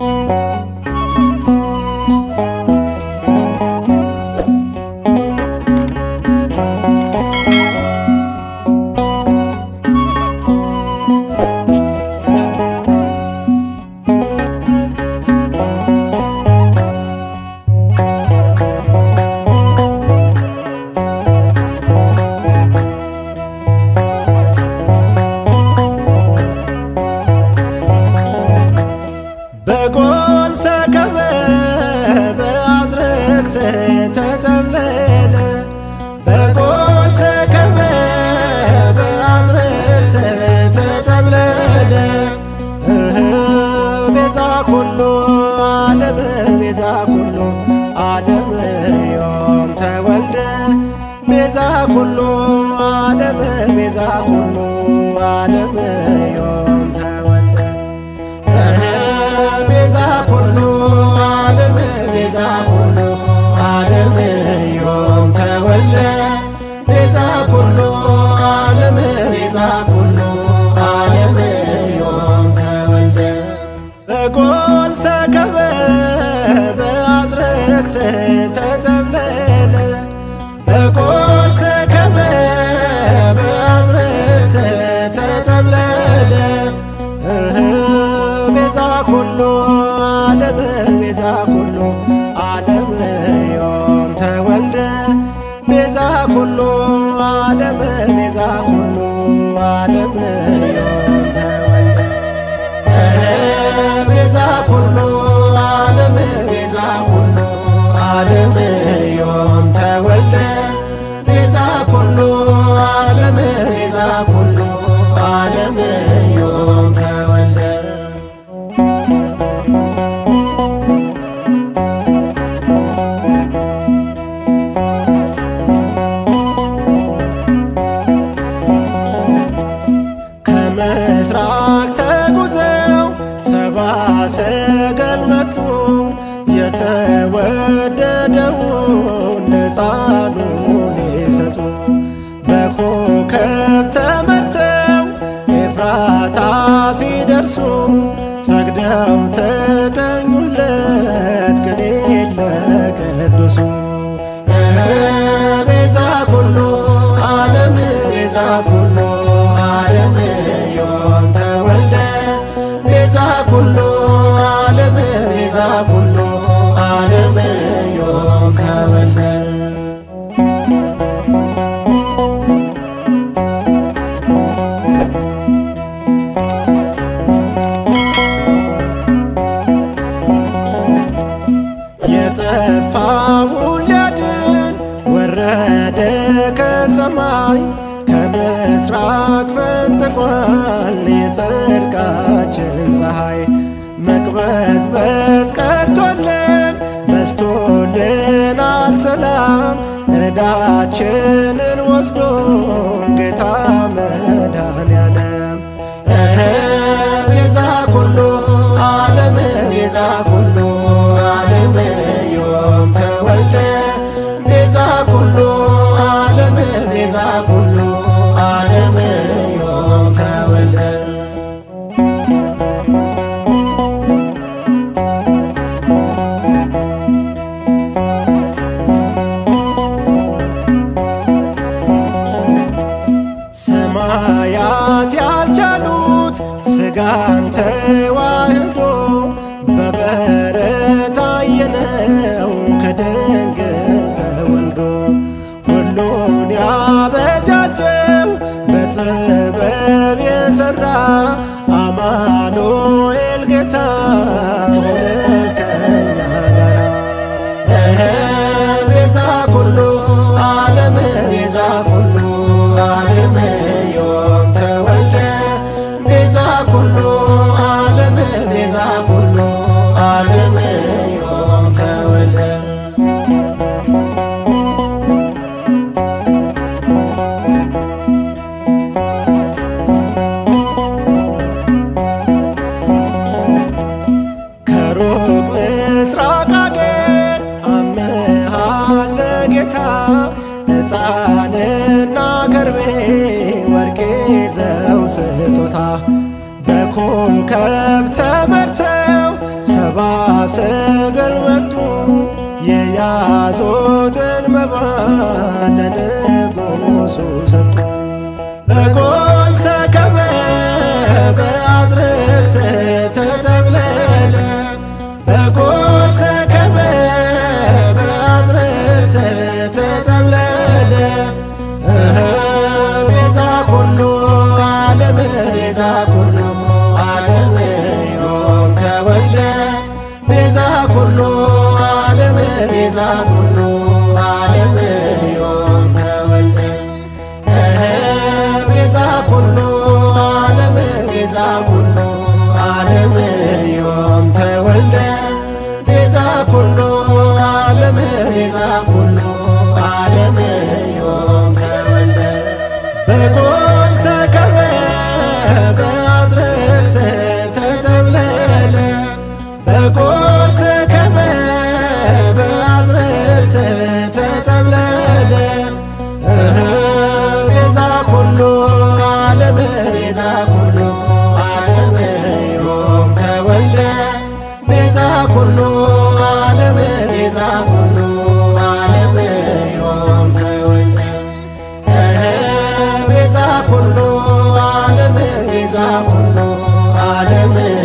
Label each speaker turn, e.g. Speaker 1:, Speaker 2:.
Speaker 1: Música ዓለም ቤዛ ኩሉ ዓለም ዮም ተወልደ ቤዛ ኩሉ ዓለም ቤዛ ኩሉ ዓለም ዮም ተወልደ ቤዛ ኩሉ ዓለም ቤዛ ኩሉ ዓለም ዮም ተወልደ በቆልሰ ከበ በአዝረክተ
Speaker 2: ሕፃኑን የሰጡ በኮከብ ተመርተው ኤፍራታ ሲደርሱ ሰግደው ተቀኙለት ቅኔ ለቅዱሱ ቤዛ ኩሉ ዓለም ቤዛ ኩሉ ዓለም
Speaker 3: ወረደ ከሰማይ ከምስራቅ ፈንጥቋል የጽድቃችን ፀሐይ። መቅበዝበዝ ቀርቶልን በስቶልናል ሰላም ዕዳችንን ወስዶ ጌታ ያለ ቤዛ ኩሉ ዓለምን ቤዛ ኩሉ
Speaker 4: ጋን ተዋህዶ በበረት አየነው ከድንግል ተወልዶ ሁሉን ያበጃጀው በጥበብ የሰራ አማኑኤል ጌታ
Speaker 5: ቦታ በኮከብ ተመርተው ሰባ ሰገል መቱ የያዞትን መባ ለንጉሱ ሰጡ። ቤዛ ሁሉ ዓለም ሕይወት ተወልደ ቤዛ ሁሉ ዓለም ቤዛ ሁሉ ዓለም ሕይወት ተወልደ ቤዛ ሁሉ ዓለም ቤዛ ሁሉ ዓለም ሕይወት ተወልደ ኩሉ ዓለም ቤዛ ኩሉ ዓለም ዮም ቤዛ ኩሉ ዓለም ቤዛ ኩሉ ዓለም